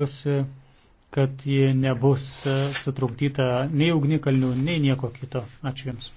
tikiuosi, kad ji nebus e, sutrukdyta nei ugnikalnių, nei nieko kito. Ačiū Jums.